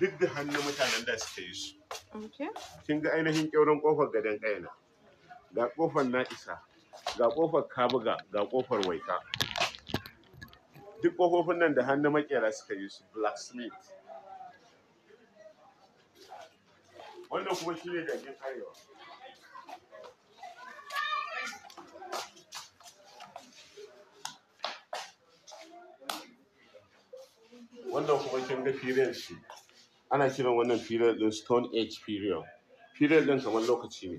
duk da hannun mutanen da suka yi su kin ga ainihin ƙyauren kofar gadon kayana ga kofar na'isa ga kofar kabuga ga kofar waika duk kofofin nan da hannun makera suka yi su blacksmith wannan kuma shi ne jangin karewa. wannan kuma kin ga firiyar shi ana kiran wannan period din stone age period period din kamar lokaci ne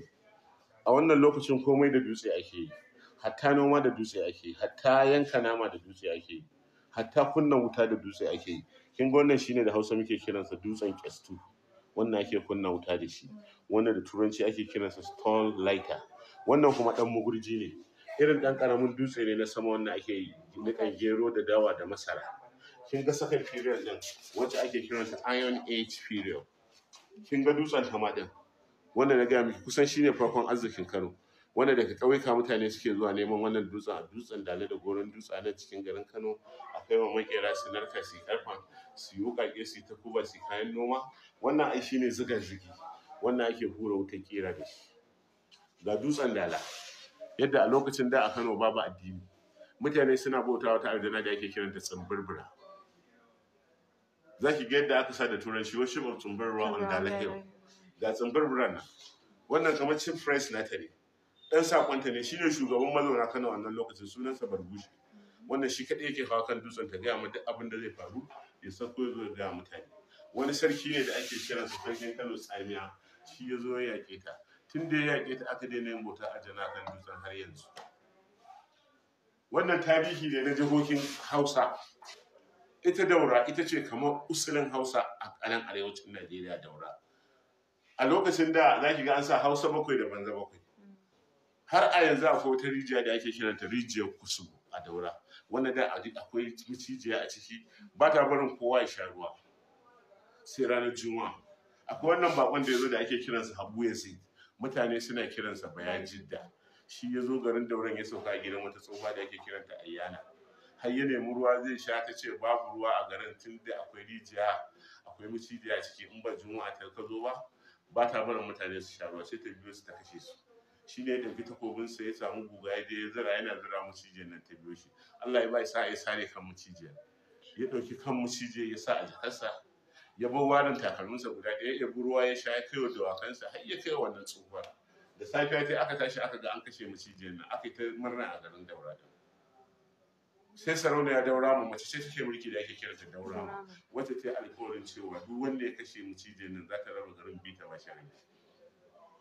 a wannan lokacin komai da dutse ake yi hatta noma da dutse ake yi hatta yanka nama da dutse ake yi hatta kunna wuta da dutse ake yi kin ga wannan shine da Hausa muke kiransa dutsen kestu. wannan ake kunna wuta da shi wannan da turanci ake kiransa stone lighter wannan kuma dan mugurji ne irin dan karamin dutse ne na sama wannan ake nikan gero da dawa da masara kin ga second period din wacce ake ta iron age period kin ga dutsen tama din wanda na gaya miki kusan shine farkon arzikin Kano wanda daga ƙauyuka mutane suke zuwa neman wannan dutsen a dutsen dale da goron dutsa na cikin garin Kano akwai wa makera su narka su karfa su yi wukake su ta kuba su kayan noma wannan ai shine zigar zigi wannan ake hura wuta kera da shi ga dutsen dala yadda a lokacin da a Kano babu addini mutane suna bauta wata ardana da ake kiranta tsambirbira za ki ga yadda aka sa da turanci worship of tsumbar ruwa on dalahil ga tsumbar wannan kamar chief friends na tare dan sakonta ne shine shugaban mazauna Kano wannan lokacin sunansa Barbushi wannan shi kadai yake hawa kan dutsen ta gaya mu duk abin da zai faru ya sako ya zo da gaya mutane wani sarki ne da ake su sarkin Kano Tsamiya shi ya zo ya yaƙe tun da ya yaƙe aka daina yin bauta a jana kan dutsen har yanzu wannan tarihi ne na jihohin Hausa ita daura ita ce kamar usulin hausa a nan arewacin najeriya daura a lokacin da za ki ga an sa hausa bakwai da banza bakwai har a yanzu akwai wata rijiya da ake kiranta rijiyar kusu a daura wanda da akwai macijiya a ciki ba ta barin kowa ya sha ruwa sai ranar juma'a akwai wannan bakon da ya zo da ake kiransa habu ya sai mutane suna kiransa bayan jidda shi ya zo garin dauran ya sauka a gidan wata tsofa da ake kiranta ayyana har ya nemi ruwa zai sha ta ce babu ruwa a garin tun da akwai rijiya akwai macijiya ciki in ba juma'a ta ka zo ba ba ta barin mutane su sha ruwa sai ta biyo su ta kashe su shi ne ya ɗauki takobinsa ya samu guga ya ya zira yana zira macijiyar nan ta biyo shi allah ya ba sa ya sare kan macijiyar ya ɗauki kan macijiyar ya sa a jikarsa ya bar warin takalminsa guda ɗaya ya bi ruwa ya sha ya kai wa dawakansa har ya kai wannan tsohuwar da safiya ta aka tashi aka ga an kashe macijiyar nan aka yi ta murna a garin daura sai sarauniya daura mu mace ce take mulki da ake kira ta daura mu wacce ta alkawarin cewa duk wanda ya kashe mucijin nan za ta raba garin bita ba shi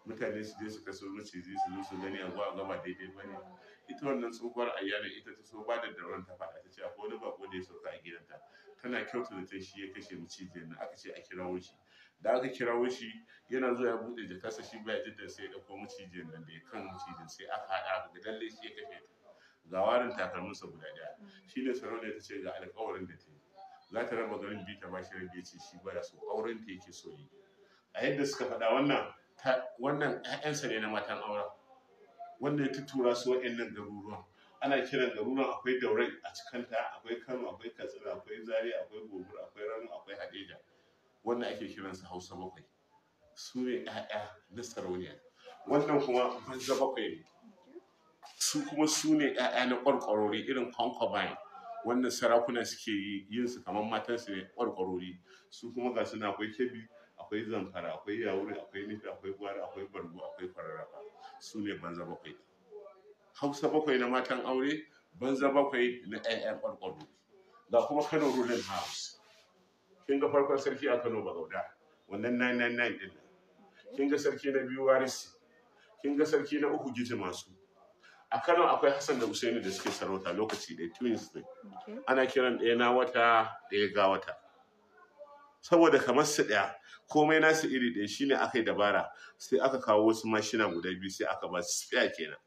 mutane su je su kaso maciji su zo su gani a zuwa gaba daidai ba ne ita wannan tsohuwar ayyana ita ta so ba da dauran ta faɗa ta ce akwai wani bako da ya sauka a gidanta tana kyauta da ta shi ya kashe macijin nan aka ce a kirawo shi da aka kirawo shi yana zuwa ya buɗe jakarsa shi ba ya jidda sai ya ɗauko macijin nan da ya kan macijin sai aka haɗa ga lalle shi ya kashe ta ga warin takalminsa guda ɗaya mm. shi ne sarauniya ta ce ga alƙawarin da ta yi za ta raba garin bi ta mashi rabi ce shi baya so auren ta yake so yi a yadda suka faɗa wannan wannan ƴaƴansa ne na matan aura wanda ya tuttura su waɗannan garuruwan ana kiran garuruwan akwai daurai a cikanta, akwai kano akwai katsina akwai Zariya, akwai gobu akwai rano akwai hadeja wanda ake kiransa hausa bakwai su ne ƴaƴa na sarauniya wannan kuma banza bakwai ne su kuma su ne 'ya'ya na ƙwarƙwarori irin concubine wannan sarakuna suke yin su kamar matansu ne ƙwarƙwarori su kuma ga suna akwai kebi akwai zamfara akwai yawuri akwai nufi akwai gwara akwai bargo akwai fararrafa su ne banza bakwai hausa bakwai na matan aure banza bakwai na ƴaƴan ƙwarƙwarori ga kuma kano ruling house kin ga farkon sarki a kano bagauda wannan 999 ɗin? nan kin ga sarki na biyu warisi kin ga sarki na uku gijima masu a Kano akwai Hassan da Usaini da suke sarauta lokaci ɗaya twins ne ana kiran ɗaya na wata ɗaya ga wata saboda kamar su ɗaya komai nasu iri ɗaya shine aka yi dabara sai aka kawo wasu mashina guda biyu sai aka ba su tsaya kenan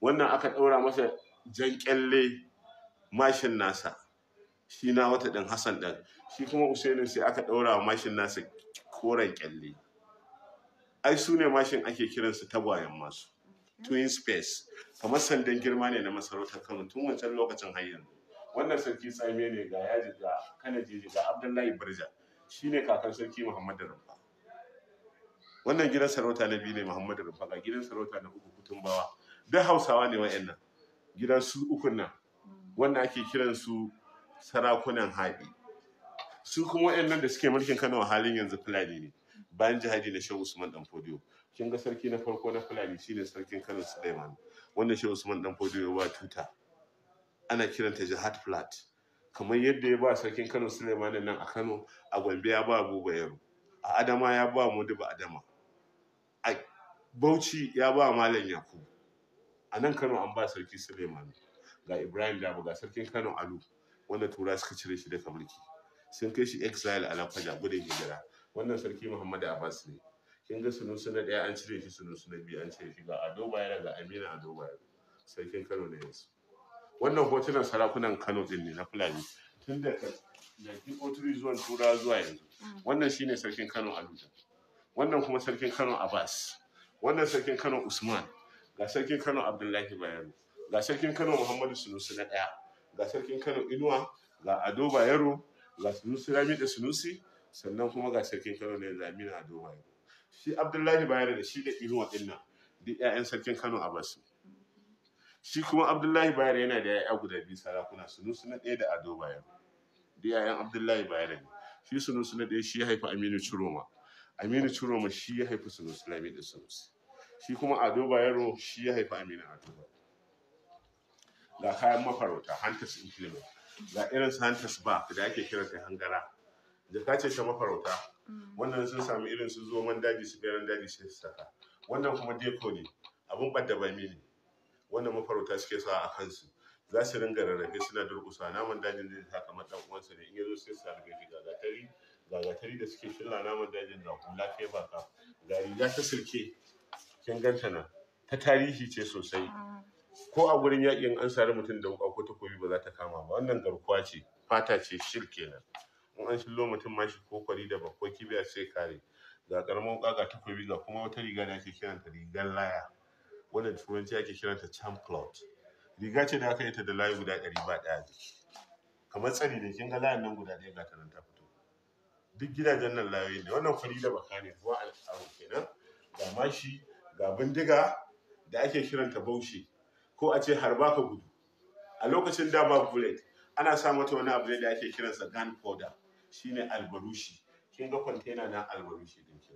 wannan aka ɗaura masa jan kyalle mashin nasa shi na wata ɗin Hassan ɗin shi kuma Usaini sai aka ɗaura wa mashin nasa koren kyalle ai su ne mashin ake kiransu tagwayen masu twin space kamar sandan girma ne na masarautar kano tun wancan lokacin har yanzu wannan sarki tsamiya ne ga yaji ga kanajeji ga abdullahi birja shine kakar sarki muhammadu rumfa wannan gidan sarauta na biyu ne muhammadu rumfa ga gidan sarauta na uku kutumbawa duk hausawa ne wa'annan gidan su uku nan wanda ake kiran su sarakunan haɗi su kuma wa'annan da suke mulkin kano a halin yanzu fulani ne bayan jihadi na shehu usman dan fodiyo kin ga sarki na farko na fulani shine sarkin kano suleiman wanda shi usman dan fodo ya ba tuta ana kiranta jihad flat kamar yadda ya ba sarkin kano suleiman nan a kano a gombe ya ba abubuwa yaro a adama ya ba modiba adama a bauchi ya ba malam yakubu a nan kano an ba sarki suleiman ga ibrahim dabo ga sarkin kano alu wanda tura suka cire shi daga mulki sun kai shi exile a lafaja gudun hijira wannan sarki muhammadu abbas ne kin ga sunu na ɗaya an cire shi sunu na biyu an cire shi ga ado baya ga amina ado baya sarkin kano na yanzu wannan hotunan sarakunan kano din ne na fulani tun da oturi zuwan tura zuwa yanzu mm. wannan shine sarkin kano aluja wannan kuma sarkin kano abbas wannan sarkin kano usman ga sarkin kano abdullahi bayero ga sarkin kano muhammadu sunusi na ɗaya ga sarkin kano inuwa ga ado bayero ga sunusi rami da sunusi sannan kuma ga sarkin kano ne zamina ado bayero shi abdullahi bayero da shi da inuwa dinnan duk 'ya'yan sarkin kano abbas shi kuma abdullahi bayero yana da 'ya'ya guda biyu sarakuna sunusu na ɗaya da ado bayero duk 'ya'yan abdullahi bayero ne shi sunusu na ɗaya shi ya haifi aminu ciroma aminu ciroma shi ya haifi sunusu lami da sunusu shi kuma ado bayero shi ya haifi aminu ado ga kayan mafarauta hantas implement ga irin hantas ba da ake kiranta hangara jaka ce ta mafarauta wannan sun samu irin su zoman daji su beran daji sai su saka wannan kuma deko ne abun ɓadda ba ne Wannan mafarauta suke sa a kansu za su ringa rarrafe suna durƙusa naman dajin zai ta kamar ɗan uwansa ne in ya zo sai su harbe gagatari gagatari da suke shilla naman dajin na hula kai baka Gari ya ta sirke kin ganta nan ta tarihi ce sosai ko a gurin yaƙin an sari mutum da wuƙa ko takobi ba za ta kama ba wannan garkuwa ce fata ce shir kenan in an shillo mutum ma shi ko kwari da bakwai kibiya sai kare ga karamar wuka ga takobi ga kuma wata riga da ake kiranta rigar laya wannan turanci ake kiranta champlot riga ce da aka yi ta da layi guda ɗari ba ɗaya jiki kamar tsari da kin ga layan nan guda ɗaya ga ta nan ta fito duk gidajen nan layoyi ne wannan fari da baka ne ruwa al'aru kenan ga mashi ga bindiga da ake kiranta baushe, ko a ce harba ka gudu a lokacin da ba bullet ana sa mata wani abu ne da ake kiransa gun powder shine albarushi kin ga kwantena na albarushi din ke.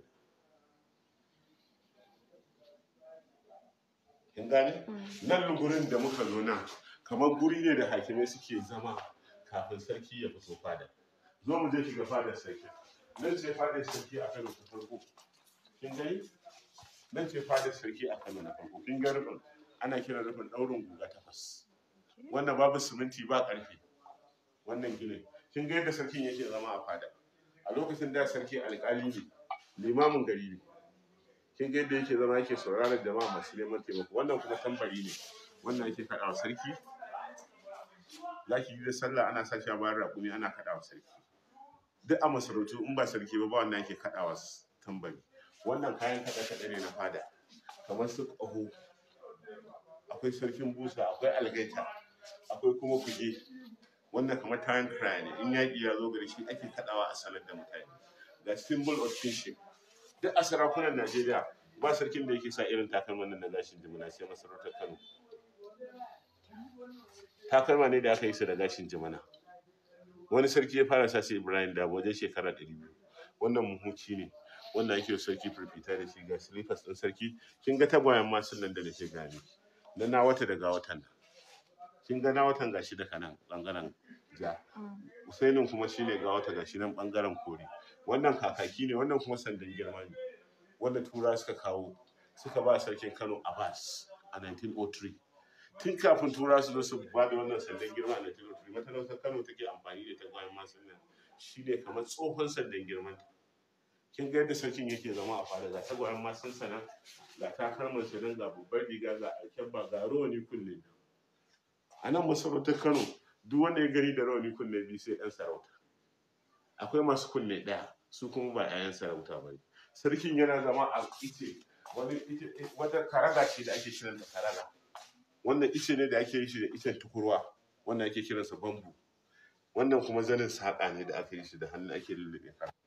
kin gane mm. nan lugurin da muka zo nan kamar guri ne da hakimai suke zama kafin sarki ya fito fada zo mu je shiga fadar sarki nan ce fadar sarki a kan ta farko kin gani nan ce fadar sarki a kan na farko kin ga rufin ana kiran rufin daurin guga takwas wannan babu siminti ba karfe wannan ginin kin ga yadda sarkin yake zama a fada a lokacin da sarki alƙali ne limamin gari ne kin ga yadda yake zama yake sauraron jama'a masu neman taimako wannan kuma tambari ne wannan yake kaɗa wa sarki za ki yi da sallah ana sa shi a bayan raƙumi ana kaɗa wa sarki duk a masarautu in ba sarki ba ba wannan yake kaɗa wa tambari wannan kayan kaɗe-kaɗe ne na fada kamar su ƙaho akwai sarkin busa akwai algaita akwai kuma kuge wanda kamar tayin kraya ne in yaƙi ya zo gari shi ake kaɗawa a sanar da mutane ga symbol of kinship duk a sarakunan najeriya ba sarkin da yake sa irin takalman nan na gashin jimina sai masarautar kano takalma ne da aka yi su da gashin jimina wani sarki ya fara sa sai ibrahim da wajen shekara ɗari biyu wannan muhuci ne wanda ake sarki firfita da shi ga silifas ɗin sarki kin ga tagwayen masu nan da nake gani na na wata daga watan nan kin ga na watan gashi daga nan bangaren ja mm. usainin kuma shine ga wata gashi nan bangaren kore wannan kakaki ne wannan kuma sandan girma ne wanda tura suka kawo suka ba sarkin kano abbas a 1903 tun kafin tura su zo su ba da wannan sandan girma a 1903 matalautar kano take amfani da ta bayan masu nan shi ne kamar tsohon sandan girma. kin ga yadda sarkin yake zama a fada ga tagwayen masu sanan ga takarmar sanan ga babbar riga ga ba ga rawani kullum a nan masarautar kano duk wanda ya gari da rauni kunne biyu sai yan sarauta akwai masu kunne ɗaya su kuma ba 'ya'yan sarauta ba sarkin yana zama a ice eh, wata karaga ce da ake kiran da karaga wannan ice ne da ake yi shi da icen tukurwa wanda ake kiransa bambu wannan kuma zanin saƙa ne da aka yi shi da hannu ake lullube karaga